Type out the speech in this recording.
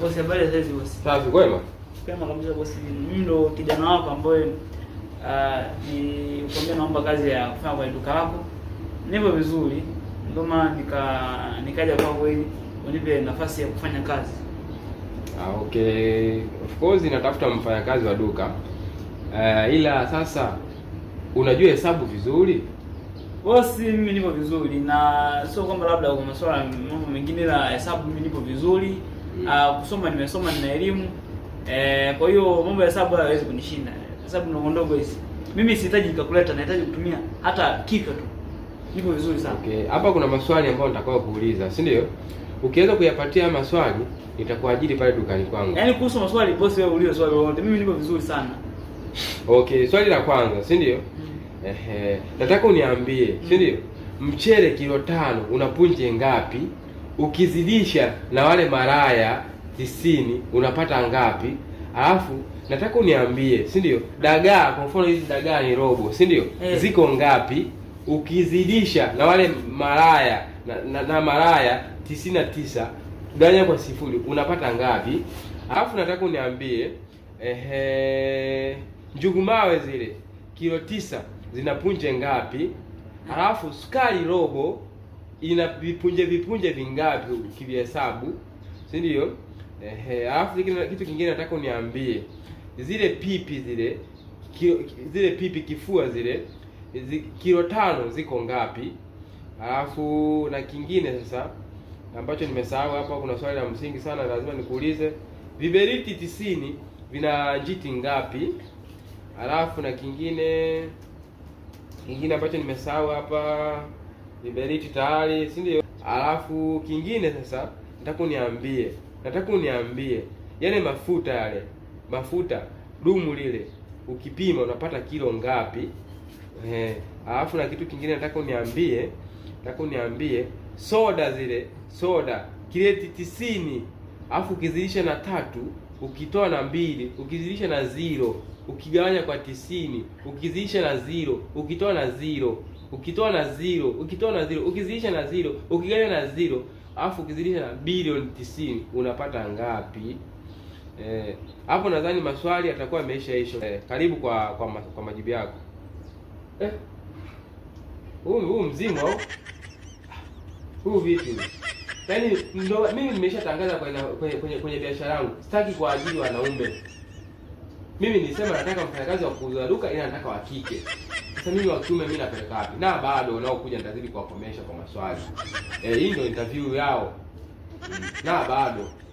Bosi, habari ya saizi bosi? Safi, kwema? Kwema kabisa bosi. Mimi ndo kijana wako ambaye uh, ah, nilikwambia naomba kazi ya kufanya kwa duka lako. Nipo vizuri. Ndio maana nika nikaja kwako ili unipe nafasi ya kufanya kazi. Ah, okay. Of course natafuta mfanyakazi wa duka. Uh, ila sasa unajua hesabu vizuri? Bosi, mimi nipo vizuri na sio kwamba labda kwa masuala mambo mengine, ila hesabu mimi nipo vizuri. Uh, kusoma nimesoma, nina elimu eh, kwa hiyo mambo ya hesabu hayawezi kunishinda. Hesabu ndogo ndogo hizi mimi sihitaji calculator, nahitaji kutumia hata kichwa tu, niko vizuri sana. Okay, hapa kuna maswali ambayo nitakao kuuliza, si ndio? Ukiweza kuyapatia maswali nitakuajiri pale dukani kwangu. Yaani kuhusu maswali bosi, wewe ulizo swali wote mimi niko vizuri sana. Okay, swali la kwanza, si ndio? Hmm. Ehe, nataka uniambie, si hmm. ndio? Mchele kilo tano una punje ngapi? ukizidisha na wale maraya tisini unapata ngapi? Alafu nataka uniambie, si ndio? Dagaa kwa mfano, hizi dagaa ni robo, si ndio? Hey. Eh. Ziko ngapi? Ukizidisha na wale maraya na, na, na maraya tisini na tisa ganya kwa sifuri unapata ngapi? Alafu nataka uniambie, ehe, njugu mawe zile kilo tisa zinapunje ngapi? Alafu sukari robo ina vipunje vipunje vingapi ukivihesabu, si ndio? Ehe, alafu kitu kingine nataka uniambie, zile pipi zile kilo, zile pipi kifua zile zi, kilo tano ziko ngapi? Alafu na kingine sasa ambacho nimesahau hapa, kuna swali la msingi sana lazima nikuulize, viberiti tisini vina njiti ngapi? Alafu na kingine kingine ambacho nimesahau hapa viberiti tayari, si ndio? Alafu kingine sasa nataka uniambie, nataka uniambie yale mafuta yale mafuta dumu lile ukipima unapata kilo ngapi? Eh, alafu na kitu kingine nataka uniambie, nataka uniambie soda zile soda kireti tisini, alafu ukizidisha na tatu ukitoa na mbili ukizidisha na zero ukigawanya kwa tisini ukizidisha na zero ukitoa na zero ukitoa na zero, ukitoa na zero, ukizidisha na zero, ukigawa na zero, alafu ukizidisha na bilioni tisini unapata ngapi? Eh, hapo nadhani maswali yatakuwa yameisha isho. Eh, karibu kwa kwa, ma, kwa majibu yako. Eh, huu huu mzima au huu vipi? Yaani ndo mimi nimeshatangaza kwenye kwenye, kwenye biashara yangu, sitaki kwa ajili wanaume mimi nilisema nataka mfanyakazi wa kuuza duka ila nataka wa kike. Sasa mimi wa kiume mimi napeleka wapi? Na bado wanaokuja nitazidi kuwakomesha kwa maswali. Eh, hii ndio interview yao. Na bado